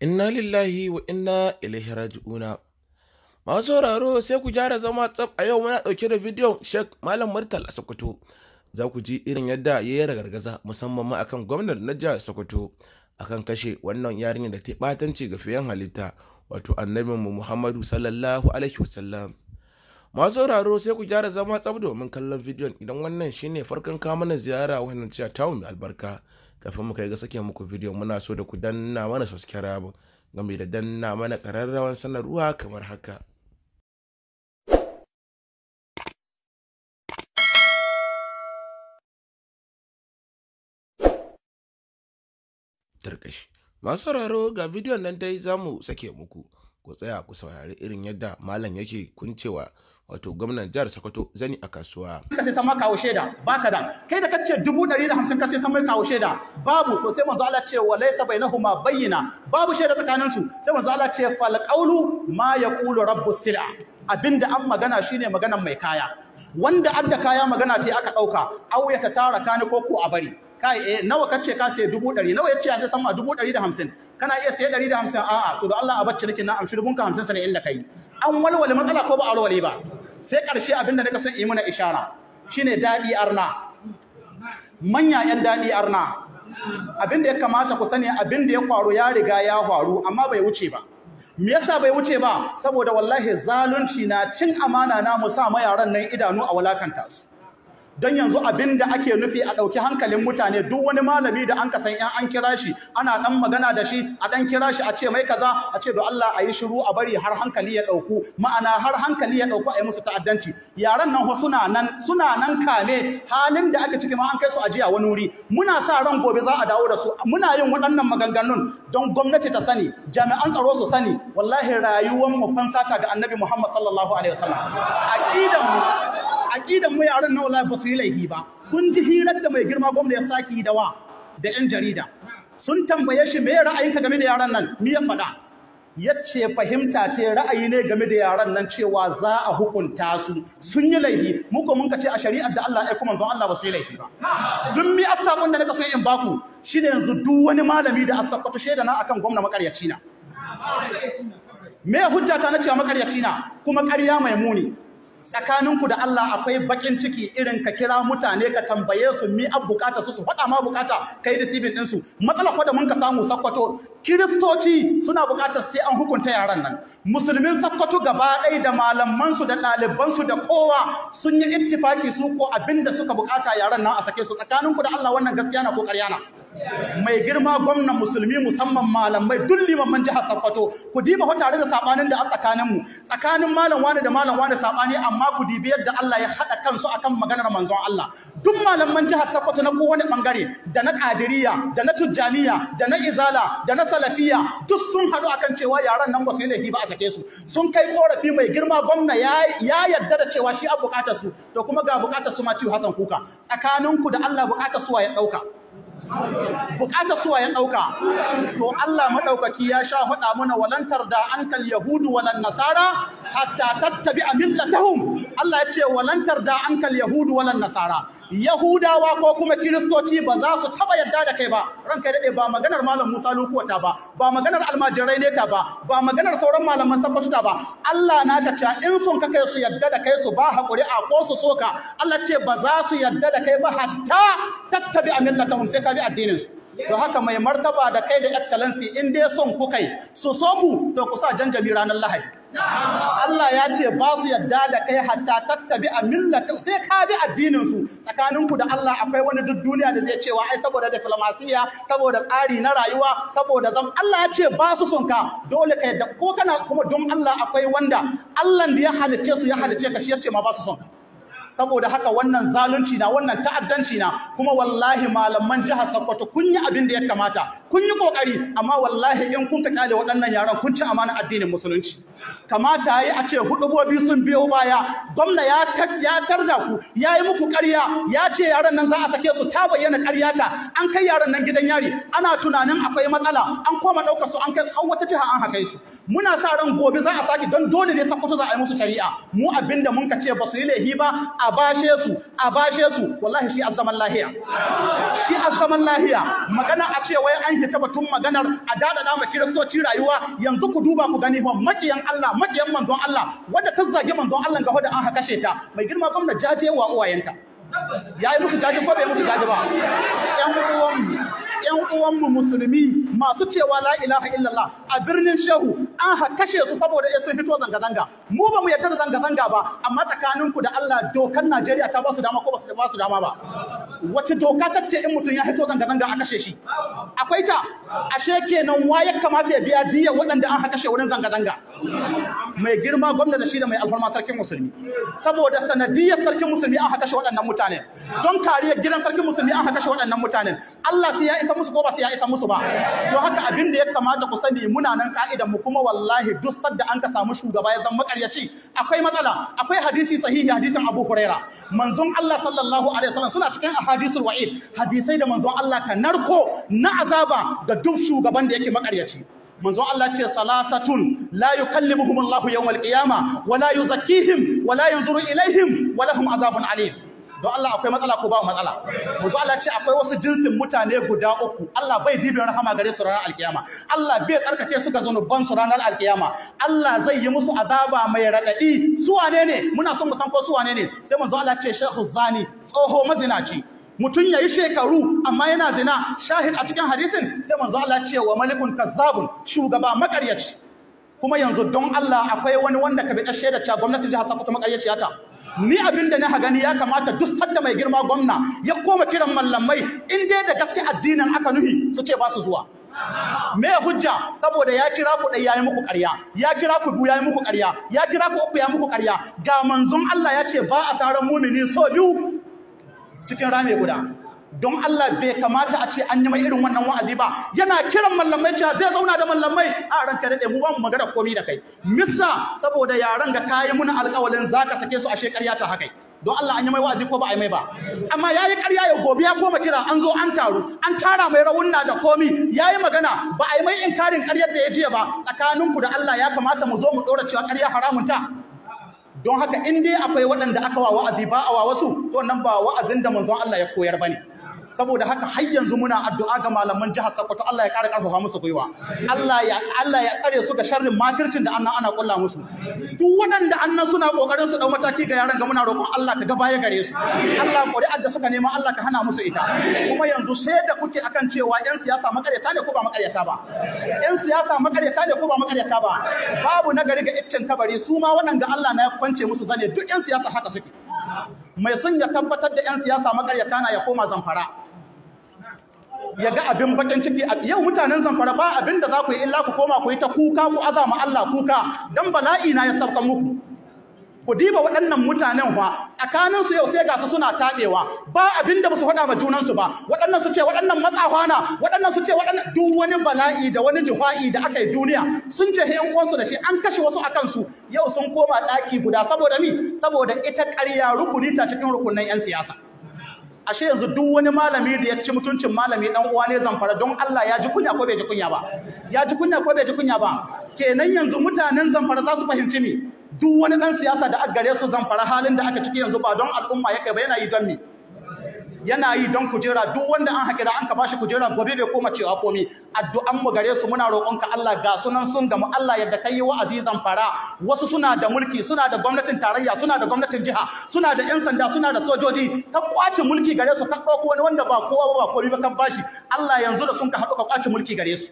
Inna lillahi wa inna ilaihi raji'una. Masu sauraro sai ku gyara zama tsaf a yau muna ɗauke da bidiyon Sheikh Malam Murtal a Sokoto. Za ku ji irin yadda ya yi ragargaza musamman ma akan gwamnar na jihar Sokoto akan kashe wannan yarinyar da ta ɓatanci ga fiyan halitta wato annabinmu Muhammadu sallallahu alaihi wasallam. masu sauraro sai ku gyara zama tsaf domin kallon bidiyon idan wannan shine farkon kamanan ziyara wannan cewa tawun albarka kafin mu kai ga sake muku bidiyo muna so da ku danna mana subscribe game da danna mana ƙararrawan sanarwa kamar haka tarkashi masu sauraro ga bidiyon nan dai za mu sake muku ku tsaya ku saurari irin yadda malam yake kuncewa wato gwamnan jihar Sokoto zani a kasuwa. Ka sai sama kawo shaida baka da kai da kace dubu ɗari da hamsin ka sai sama kawo shaida babu to sai manzo Allah ce walaysa bainahuma bayyina babu shaida tsakanin su sai manzo Allah ce fal qawlu ma yaqulu rabbus sil'a abinda an magana shine maganan mai kaya wanda adda kaya magana ce aka dauka auya ta tara kani koko a bari kai eh nawa kace ka sai dubu ɗari nawa yace sai sama dubu ɗari da hamsin kana iya saye ɗari da hamsin a'a to da Allah a bacci nake na amshi rubunka hamsin sana'in inda kai an walwale matsala ko ba a walwale ba sai ƙarshe abinda nake son yi mana ishara shine daɗi arna manya yan daɗi arna abinda ya kamata ku sani abin da ya faru ya riga ya faru amma bai wuce ba me yasa bai wuce ba saboda wallahi zalunci na cin amana na musa sa ma yaran nan idanu a walakanta su don yanzu abin da ake nufi a ɗauki hankalin mutane duk wani malami da an kasan yan an kira shi ana ɗan magana da shi a ɗan kira shi a ce mai kaza a ce do Allah a yi shiru a bari har hankali ya ɗauku ma'ana har hankali ya ɗauku a musu ta'addanci yaran nan suna nan suna nan kame halin da aka ciki ma an kai su ajiya wani wuri muna sa ran gobe za a dawo da su muna yin waɗannan maganganun don gwamnati ta sani jami'an tsaro su sani wallahi rayuwar mu fansata ga annabi Muhammad sallallahu alaihi wasallam aqidan mu aqidan mu yaran na wallahi ba su yi laifi ba kun ji hirar da mai girma gwamna ya saki da wa da yan jarida sun tambaye shi me ra'ayinka game da yaran nan me ya faɗa yace fahimta ce ra'ayi ne game da yaran nan cewa za a hukunta su sun yi laifi mu ko mun ka ce a shari'ar da Allah ya kuma manzon Allah ba su yi laifi ba duk mi asabun da naka so in baku shine yanzu duk wani malami da asabatu sheda na akan gwamna makaryaci na me hujja ta na cewa makaryaci na kuma ƙarya mai muni tsakaninku da Allah akwai bakin ciki irin ka kira mutane ka tambaye su mi abu bukata su su faɗa ma bukata kai disibin ɗin su matsala ko mun ka samu sakkwato kiristoci suna bukatar sai an hukunta yaran nan musulmin sakkwato gaba ɗaya da malamansu da ɗalibansu da kowa sun yi ittifaki su ko abinda suka bukata yaran nan a sake su tsakaninku da Allah wannan gaskiya na ko ƙarya na mai girma gwamnan musulmi musamman malam mai, duk limaman jihar sakwato ku diba ko tare da sabanin da a tsakanin mu tsakanin malam wani da malam wani sabani amma ku dibi yadda Allah ya hada kansu akan maganar manzon Allah duk man jihar sakwato na kowane bangare da na kadiriya da na Tujjaniya da na Izala da na salafiya, duk sun hadu akan cewa yaran nan ba su yi laifi ba a sake su sun kai korafi mai girma gwamna ya yadda da cewa shi a bukatar su to kuma ga bukatar su Matthew Hassan Kuka tsakaninku da Allah bukatar su ya dauka bukatar suwa ya ɗauka? to Allah maɗaukaki ya sha faɗa mana walantar da ankal yahudu walan nasara hatta tattabi millatahum Allah ya ce walantar da ankal yahudu walan nasara Yahudawa ko kuma Kiristoci ba za su taba yadda da kai ba ranka dade ba maganar malam Musa Lukuwata ba ba maganar almajirai ne ta ba ba maganar sauran malaman sabbatu ta ba Allah na ka cewa in sun ka kai su yadda da kai su ba hakuri a ko su soka Allah ce ba za su yadda da kai ba hatta tattabi millatahum sai ka bi addinin su don haka mai martaba da kai da excellency in dai son ku kai su so mu to ku sa janjami ranar Lahadi Allah ya ce ba su yadda da kai hatta tattabi a millata sai ka bi addinin su tsakaninku da Allah akwai wani duk duniya da zai cewa ai saboda diflomasiya saboda tsari na rayuwa saboda zam Allah ya ce ba su son ka dole ka yadda ko kana kuma don Allah akwai wanda Allah da ya halice su ya halice ka shi ya ce ma ba su son saboda haka wannan zalunci na wannan ta'addanci na kuma wallahi malaman jihar Sokoto kun yi abin da ya kamata kun yi kokari amma wallahi in kun ka kale waɗannan yaran kun ci amana addinin musulunci kamata yi a ce hudu gobi sun biyo baya gwamna ya tarda ku ya yi muku karya ya ce yaran nan za a sake su ta bayyana ƙarya ta an kai yaran nan gidan yari ana tunanin akwai matsala an koma ɗaukar su an kai har wata jiha an haka su muna sa ran gobe za a sake don dole ne sakkwato za a yi musu shari'a mu abinda mun ka ce ba su yi laifi ba a bashe su a bashe su wallahi shi azzaman lahiya shi azzaman lahiya magana a ce wai an hita batun maganar a dadada ma kiristoci rayuwa yanzu ku duba ku gani wa makiyan Allah Allah majiyan manzon Allah wanda ta zage manzon Allah ga da an kashe ta mai girma gwamnati jaje wa uwayenta ya yi musu jaje ko bai musu jaje ba yan uwan yan uwanmu musulmi masu cewa la ilaha illallah a birnin shehu an ha kashe su saboda sun fito zanga-zanga mu ba mu yarda da zanga-zanga ba amma tsakanin ku da Allah dokan Najeriya ta ba su dama ko ba su ba su dama ba wace doka ta ce in mutum ya fito zanga-zanga a kashe shi akwai ta ashe kenan wa ya kamata ya biya diya waɗanda an ha kashe wurin zanga-zanga mai girma gwamna da shi da mai alfarma sarkin musulmi saboda sanadiyar sarkin musulmi aka kashe waɗannan mutane, don kariyar gidan sarkin musulmi aka kashe waɗannan mutane, Allah sai ya isa musu ko ba sai ya isa musu ba don haka abin da ya kamata ku sani muna nan ka'idan mu kuma wallahi duk sadda an ka samu shugaba ya zama makaryaci akwai matsala akwai hadisi sahihi hadisin Abu Huraira manzon Allah sallallahu alaihi wasallam suna cikin ahadisul wa'id hadisai da manzon Allah ka narko na azaba ga duk shugaban da yake makaryaci manzon Allah ce salasatun la yukallimuhum Allah yawm al-qiyama wa la yuzakkihim wa la yanzuru ilaihim wa azabun don Allah akwai matsala ko ba matsala muzo Allah ce akwai wasu jinsin mutane guda uku Allah bai dibin rahama gare su ranar alkiyama Allah bai tsarkake su ga zanuban su ranar alkiyama Allah zai yi musu azaba mai raɗaɗi. su wane ne muna son mu san ko su wane ne sai manzo Allah ce shehu zani tsoho mazinaci mutum ya yi shekaru amma yana zina shahid a cikin hadisin sai manzo Allah ce wa malikun kazzabun shugaba makaryaci kuma yanzu don Allah akwai wani wanda ka bi kashe da cewa gwamnatin jihar Sokoto makaryaciya ta ni abin da na gani ya kamata duk sanda mai girma gwamna ya koma kiran mallamai in dai da gaske addinin aka nuhi su ce ba su zuwa me hujja saboda ya kira ku dai yayi muku ƙarya ya kira ku bu yayi muku ƙarya ya kira ku uku yayi muku ƙarya ga manzon Allah ya ce ba a saran mumini so biyu cikin rame guda don Allah bai kamata a ce an yi mai irin wannan wa'azi ba yana kiran mallamai cewa zai zauna da mallamai a ranka dade mu ba mu magana komai da kai Misa saboda yaran ga kayi mun alƙawalin zaka sake su a shekarya ta haka don Allah an yi mai wa'azi ko ba a yi mai ba amma yayi ƙarya ya gobe ya koma kira an zo an taru an tara mai rawunna da komi yayi magana ba a yi mai inkarin ƙaryar da ya jiya ba tsakaninku da Allah ya kamata mu zo mu ɗora cewa ƙarya haramun ta don haka in dai akwai waɗanda aka wa wa'azi ba a wa wasu to nan ba wa'azin da manzon Allah ya koyar bane saboda haka har yanzu muna addu'a ga malaman jihar Sokoto Allah ya ƙara ƙarfafa musu gwiwa Allah ya Allah ya tsare su ga sharrin makircin da annan ana kulla musu duk waɗanda annan suna kokarin su dau mataki ga yaran ga muna roƙon Allah ka ga baya gare su Allah kore da suka nema Allah ka hana musu ita kuma yanzu sai da kuke akan cewa yan siyasa makaryata ne ko ba makaryata ba yan siyasa makaryata ne ko ba makaryata ba babu nagari ga iccen kabari su ma waɗanda Allah na ya kwance musu zane duk yan siyasa haka suke mai sun ya tabbatar da yan siyasa makaryata na ya koma zamfara ya ga abin bakin ciki yau mutanen zamfara ba abin da za ku yi illa ku koma ku yi ta kuka ku azama Allah kuka don bala'i na ya sauka muku ku diba waɗannan mutanen fa tsakanin yau sai ga su suna taɓewa, ba abin da ba su faɗa ma junan ba waɗannan su ce waɗannan matsawa na waɗannan su ce waɗannan duk wani bala'i da wani jihwa'i da aka yi duniya sun ce yan uwansu da shi an kashe wasu a kansu yau sun koma ɗaki guda saboda mi saboda ita ƙarya rukuni ta cikin rukunin yan siyasa ashe yanzu duk wani malami da ya ci mutuncin malami dan uwa ne zamfara don Allah ya ji kunya ko bai ji kunya ba ya ji kunya ko bai ji kunya ba kenan yanzu mutanen zamfara za su fahimci me duk wani dan siyasa da aka gare su zamfara halin da aka ciki yanzu ba don al'umma ya yake ba yana yi don me yana yi don kujera duk wanda an haƙira an ka bashi kujera gobe bai koma cewa komi addu'an mu gare su muna roƙonka Allah ga sunan sun mu Allah yadda kai wa azizan fara wasu suna da mulki suna da gwamnatin tarayya suna da gwamnatin jiha suna da yan sanda suna da sojoji ka kwace mulki gare su ka ɗauko wani wanda ba kowa ba komi ba ka bashi Allah yanzu da sun ka haɗu ka kwace mulki gare su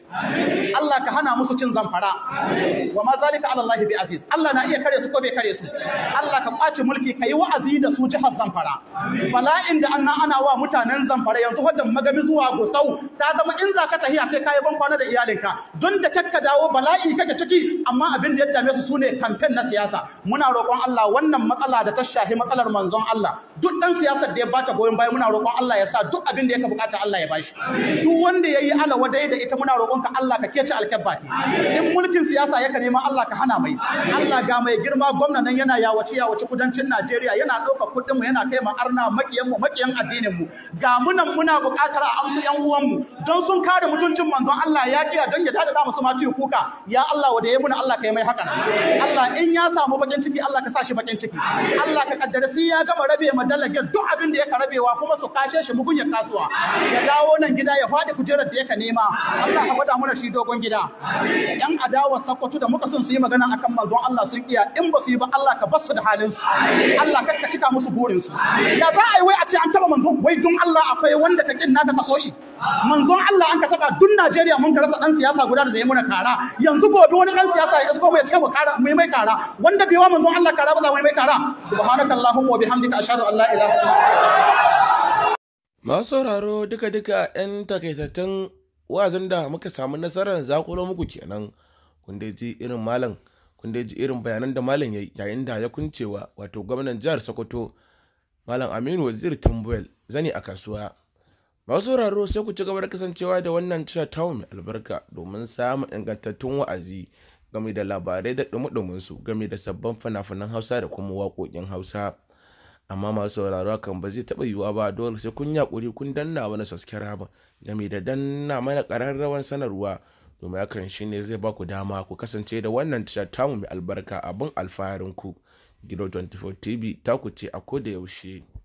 Allah ka hana musu cin zamfara wa ma zalika ala Allah bi aziz Allah na iya kare su ko bai kare su Allah ka kwace mulki kai wa'azi da su jihar zamfara bala'in da anna ana wa mutanen zamfara yanzu wadda magami zuwa gosau ta zama in za ka tahiya sai ka yi ban kwana da iyalinka don da kakka dawo bala'i kake ciki amma abin da ya dame su sune kamfen na siyasa muna roƙon Allah wannan matsala da ta shahi matsalar manzon Allah duk dan siyasar da ya bata goyon baya muna roƙon Allah ya sa duk abin da yake bukata Allah ya bashi duk wanda yayi alawa dai da ita muna roƙon ka Allah ka kece alkabbati in mulkin siyasa yake nema Allah ka hana mai Allah ga mai girma gwamnatin yana yawace yawace kudancin Najeriya yana ɗaukar kuɗin mu yana kai ma arna makiyan mu makiyan addinin mu ga munan muna buƙatar a amsa yan mu don sun kare mutuncin manzon Allah ya kiya don ya tada da musu mace kuka ya Allah wada ya muna Allah kai mai haka Allah in ya samu bakin ciki Allah ka sa shi bakin ciki Allah ka kaddara sai ya gama rabe ga duk abin da yake rabewa kuma su kashe shi mugun ya kasuwa ya dawo nan gida ya faɗi kujerar da yake nema Allah ka gwada mana shi dogon gida yan adawar sakwato da muka son su yi magana akan manzon Allah sun kiya in ba su yi ba Allah ka bar da halin su Allah ka cika musu burin su ya za a yi wai a ce an taba manzo wai don Allah akwai wanda ka kin naka kaso shi manzon Allah an ka taba dun Najeriya mun karasa dan siyasa guda da zai muna kara yanzu gobe wani dan siyasa ya isko ya ce mu kara mai mai kara wanda bai wa manzon Allah kara ba za mu mai kara subhanakallahumma wa bihamdika ashhadu an la ilaha illa anta masu sauraro duka-duka 'yan takaitattun wa'azin da muka samu nasarar zakulo muku kenan kun dai ji irin malam kun dai ji irin bayanan da malam yayin da ya kuncewa wato gwamnan jihar sokoto malam aminu wazir Tambuel zani a kasuwa masu sauraro sai ku ci gaba da kasancewa da wannan tasha tawo mai albarka domin samun ingantattun wa'azi game da labarai da dumi su game da sabbin fina-finan hausa da kuma waƙoƙin hausa amma masu sauraro kan ba zai taɓa yiwuwa ba dole sai kun yaƙuri kun danna mana subscribe game da danna mana ƙararrawan sanarwa domin hakan ne zai ba ku dama ku kasance da wannan tasha tamu mai albarka abin alfaharin ku gido 24 tv taku ce a ko da yaushe